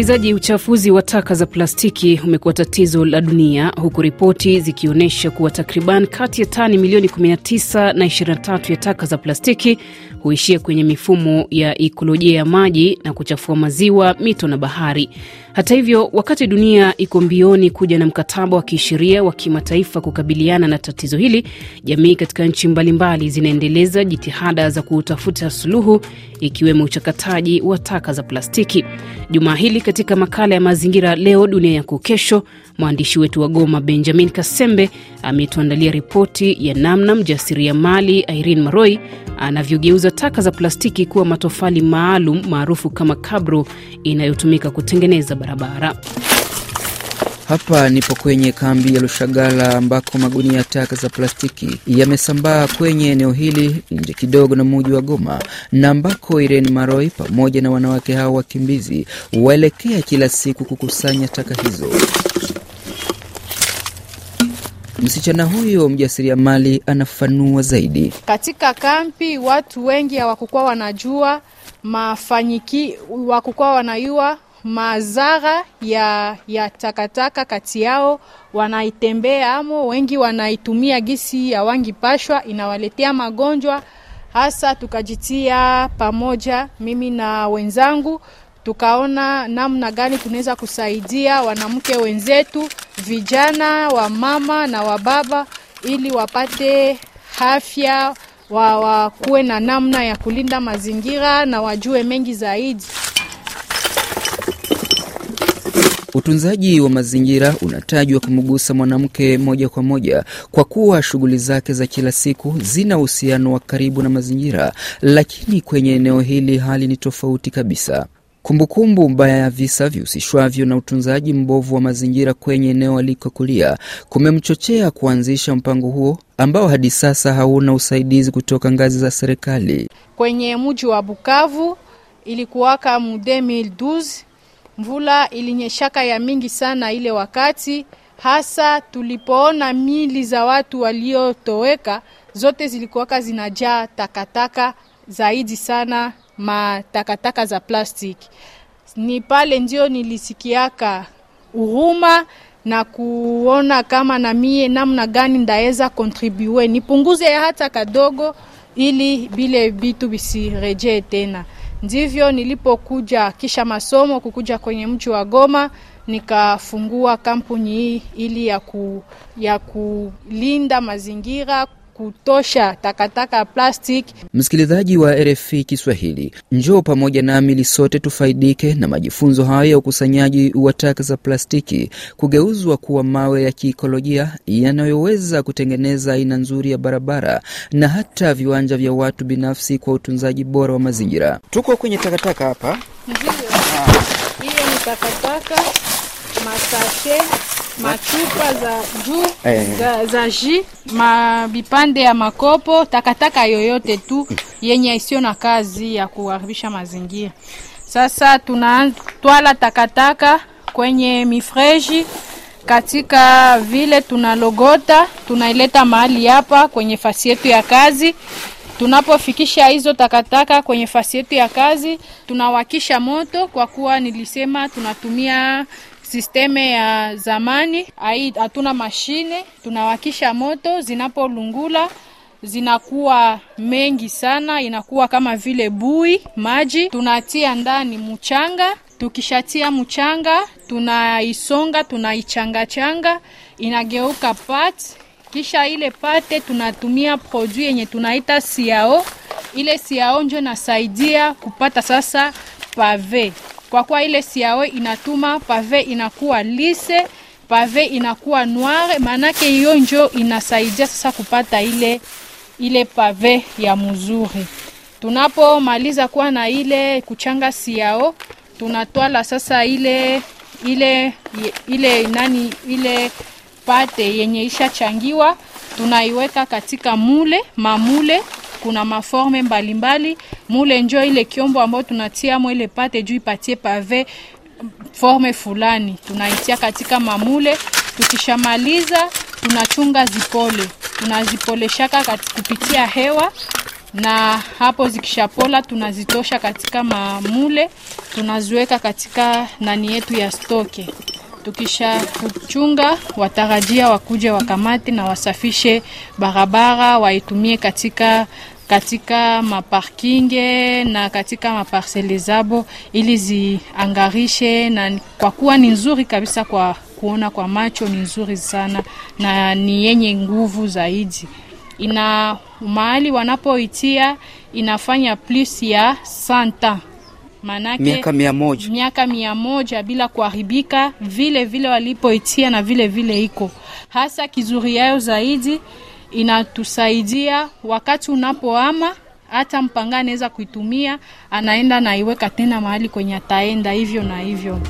Msikilizaji, uchafuzi wa taka za plastiki umekuwa tatizo la dunia, huku ripoti zikionyesha kuwa takriban kati ya tani milioni 19 na 23 ya taka za plastiki huishia kwenye mifumo ya ikolojia ya maji na kuchafua maziwa, mito na bahari. Hata hivyo, wakati dunia iko mbioni kuja na mkataba wa kisheria wa kimataifa kukabiliana na tatizo hili, jamii katika nchi mbalimbali zinaendeleza jitihada za kutafuta suluhu, ikiwemo uchakataji wa taka za plastiki. Jumaa hili katika makala ya mazingira leo dunia yako kesho, mwandishi wetu wa Goma Benjamin Kasembe ametuandalia ripoti ya namna mjasiriamali Irene Maroi anavyogeuza taka za plastiki kuwa matofali maalum maarufu kama kabro inayotumika kutengeneza barabara. Hapa nipo kwenye kambi ya Lushagala ambako magunia ya taka za plastiki yamesambaa kwenye eneo hili nje kidogo na muji wa Goma na ambako iren Maroi pamoja na wanawake hao wakimbizi waelekea kila siku kukusanya taka hizo. Msichana huyo mjasiriamali anafanua zaidi. Katika kampi watu wengi hawakukuwa wanajua mafanyiki, wakukuwa wanayua mazara ya, ya takataka kati yao wanaitembea amo, wengi wanaitumia gisi ya wangi pashwa, inawaletea magonjwa hasa. Tukajitia pamoja, mimi na wenzangu, tukaona namna gani tunaweza kusaidia wanamke wenzetu, vijana wa mama na wa baba, ili wapate afya wakuwe wa na namna ya kulinda mazingira na wajue mengi zaidi. Utunzaji wa mazingira unatajwa kumgusa mwanamke moja kwa moja kwa kuwa shughuli zake za kila siku zina uhusiano wa karibu na mazingira, lakini kwenye eneo hili hali ni tofauti kabisa. Kumbukumbu mbaya ya visa vihusishwavyo na utunzaji mbovu wa mazingira kwenye eneo alikokulia kumemchochea kuanzisha mpango huo ambao hadi sasa hauna usaidizi kutoka ngazi za serikali. Kwenye mji wa Bukavu ilikuwaka mu Mvula ilinyeshaka ya mingi sana ile wakati, hasa tulipoona mili za watu waliotoweka zote zilikuwaka zinajaa takataka zaidi sana matakataka za plastiki. Ni pale ndio nilisikiaka uhuma na kuona kama na mie namna gani ndaweza kontribue nipunguze hata kadogo, ili vile vitu visirejee tena. Ndivyo nilipokuja kisha masomo kukuja kwenye mji wa Goma nikafungua kampuni hii ili ya, ku, ya kulinda mazingira kutosha takataka ya plastic Msikilizaji wa RFI Kiswahili, njoo pamoja nami ili sote tufaidike na majifunzo haya ya ukusanyaji wa taka za plastiki kugeuzwa kuwa mawe ya kiikolojia yanayoweza kutengeneza aina nzuri ya barabara na hata viwanja vya watu binafsi kwa utunzaji bora wa mazingira. Tuko kwenye takataka hapa, hiyo ni takataka masashe machupa za juu eh. za, za ji mabipande ya makopo, takataka yoyote tu yenye isiyo na kazi ya kuharibisha mazingira. Sasa tunatwala takataka kwenye mifreji katika vile tunalogota, tunaileta mahali hapa kwenye fasi yetu ya kazi. Tunapofikisha hizo takataka kwenye fasi yetu ya kazi, tunawakisha moto, kwa kuwa nilisema tunatumia sisteme ya zamani ai, hatuna mashine, tunawakisha moto, zinapolungula zinakuwa mengi sana, inakuwa kama vile bui maji. Tunatia ndani mchanga, tukishatia mchanga tunaisonga, tunaichangachanga, inageuka pat. kisha ile pate tunatumia produit yenye tunaita siao. Ile siao njo nasaidia kupata sasa pave kwa kuwa ile siawe inatuma pave inakuwa lise, pave inakuwa noire, maanake hiyo njo inasaidia sasa kupata ile ile pave ya mzuri. Tunapomaliza kuwa na ile kuchanga siao, tunatwala sasa ile ile ile nani ile pate yenye ishachangiwa tunaiweka katika mule mamule kuna maforme mbalimbali mule, njo ile kiombo ambao tunatia mwele pate juu ipatie pave forme fulani, tunaitia katika mamule. Tukishamaliza tunachunga zipole, tunazipoleshaka kupitia hewa na hapo zikishapola tunazitosha katika mamule, tunaziweka katika nani yetu ya stoke. Tukisha kuchunga, watarajia wakuje wakamati na wasafishe barabara, waitumie katika katika maparkinge na katika maparsele zabo, ili ziangarishe, na kwa kuwa ni nzuri kabisa kwa kuona kwa macho, ni nzuri sana na ni yenye nguvu zaidi. Ina mahali wanapoitia inafanya plus ya santa Manake, miaka mia moja, miaka mia moja bila kuharibika vile vile walipoitia na vile vile iko hasa kizuri yao zaidi inatusaidia wakati unapoama hata mpanga anaweza kuitumia, anaenda naiweka tena mahali kwenye ataenda hivyo na hivyo.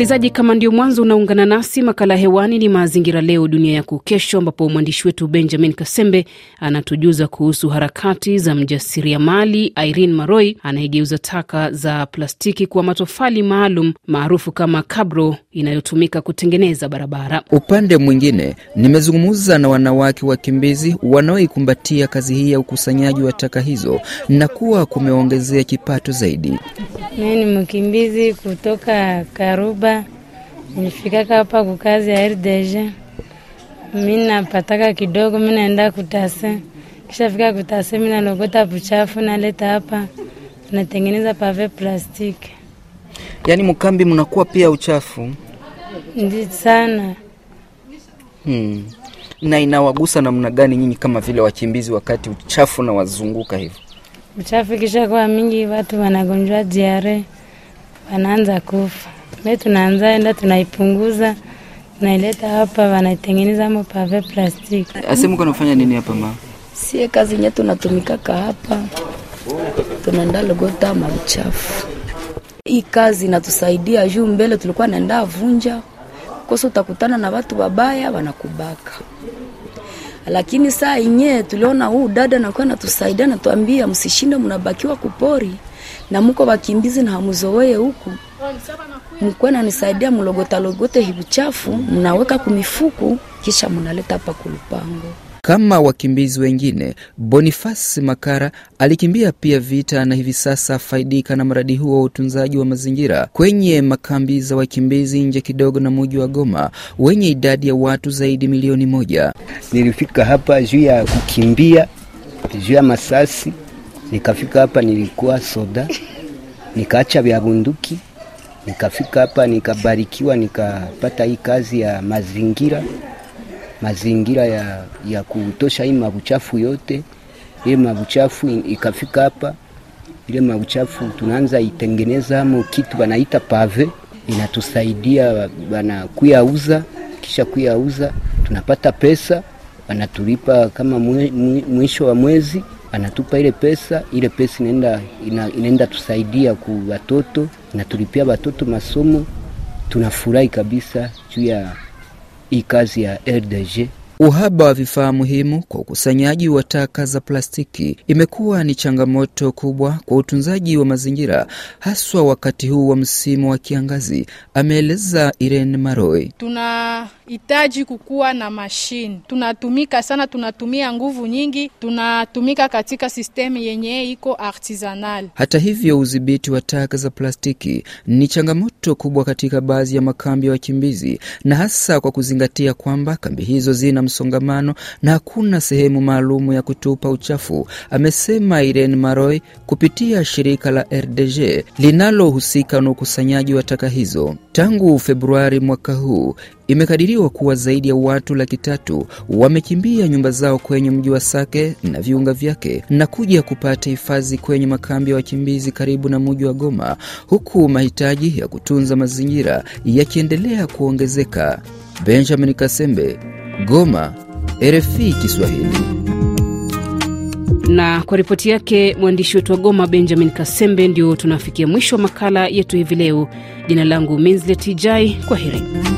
Msikilizaji, kama ndio mwanzo unaungana nasi, makala hewani ni Mazingira Leo Dunia Yako Kesho, ambapo mwandishi wetu Benjamin Kasembe anatujuza kuhusu harakati za mjasiriamali Irene Maroi anayegeuza taka za plastiki kuwa matofali maalum maarufu kama kabro inayotumika kutengeneza barabara. Upande mwingine, nimezungumza na wanawake wakimbizi wanaoikumbatia kazi hii ya ukusanyaji wa taka hizo na kuwa kumeongezea kipato zaidi. Mimi ni mkimbizi kutoka Karuba hapa nilifikaka hapa kukazi ya RDG, mi napataka kidogo, mi naenda kutase, kisha fika kutase, mi nalogota buchafu naleta hapa, natengeneza pave plastiki. Yaani mkambi mnakuwa pia uchafu ndi sana. Hmm. Na inawagusa namna gani nyinyi kama vile wakimbizi, wakati uchafu na wazunguka hivyo? Uchafu kisha kwa mingi, watu wanagonjwa diare, wanaanza kufa naye tunaanza enda tunaipunguza naileta hapa, wanaitengeneza hapo pave plastiki. Asemuko nafanya nini hapa ma? Sie kazi nye tunatumikaka hapa, tunaenda logota mauchafu. Hii kazi inatusaidia juu mbele tulikuwa naenda vunja kosa, utakutana na watu wabaya wanakubaka lakini saa yenyewe tuliona huu dada nakuwa natusaidia, natuambia msishinde mnabakiwa kupori na muko wakimbizi na hamuzoee huku, mlikuwa nanisaidia mlogota logote hivuchafu mnaweka kumifuku kisha mnaleta hapa kulupango. Kama wakimbizi wengine, Bonifasi Makara alikimbia pia vita na hivi sasa faidika na mradi huo wa utunzaji wa mazingira kwenye makambi za wakimbizi nje kidogo na muji wa Goma wenye idadi ya watu zaidi milioni moja. Nilifika hapa juu ya kukimbia, juu ya masasi, nikafika hapa, nilikuwa soda, nikaacha vya bunduki Nikafika hapa nikabarikiwa, nikapata hii kazi ya mazingira, mazingira ya, ya kutosha hii mabuchafu yote. Ile mabuchafu ikafika hapa, ile mabuchafu tunaanza itengeneza mo kitu wanaita pave, inatusaidia bana kuyauza, kisha kuyauza tunapata pesa, wanatulipa kama mwisho wa mwezi anatupa ile pesa, ile pesa inaenda, ina, inaenda tusaidia ku watoto na tulipia watoto masomo. Tunafurahi kabisa juu ya hii kazi ya RDG. Uhaba wa vifaa muhimu kwa ukusanyaji wa taka za plastiki imekuwa ni changamoto kubwa kwa utunzaji wa mazingira haswa wakati huu wa msimu wa kiangazi, ameeleza Irene Maroi. Tunahitaji kukuwa na mashine, tunatumika sana, tunatumia nguvu nyingi, tunatumika katika sistemu yenye iko artisanal. Hata hivyo, udhibiti wa taka za plastiki ni changamoto kubwa katika baadhi ya makambi ya wa wakimbizi na hasa kwa kuzingatia kwamba kambi hizo zina msongamano na hakuna sehemu maalum ya kutupa uchafu, amesema Irene Maroy kupitia shirika la RDG linalohusika na ukusanyaji wa taka hizo. Tangu Februari mwaka huu imekadiriwa kuwa zaidi ya watu laki tatu wamekimbia nyumba zao kwenye mji wa Sake na viunga vyake na kuja kupata hifadhi kwenye makambi ya wakimbizi karibu na mji wa Goma, huku mahitaji ya kutunza mazingira yakiendelea kuongezeka. Benjamin Kasembe, Goma, RFI Kiswahili. Na kwa ripoti yake mwandishi wetu wa Goma, Benjamin Kasembe, ndio tunafikia mwisho wa makala yetu hivi leo. Jina langu Minzlet Jai, kwa heri.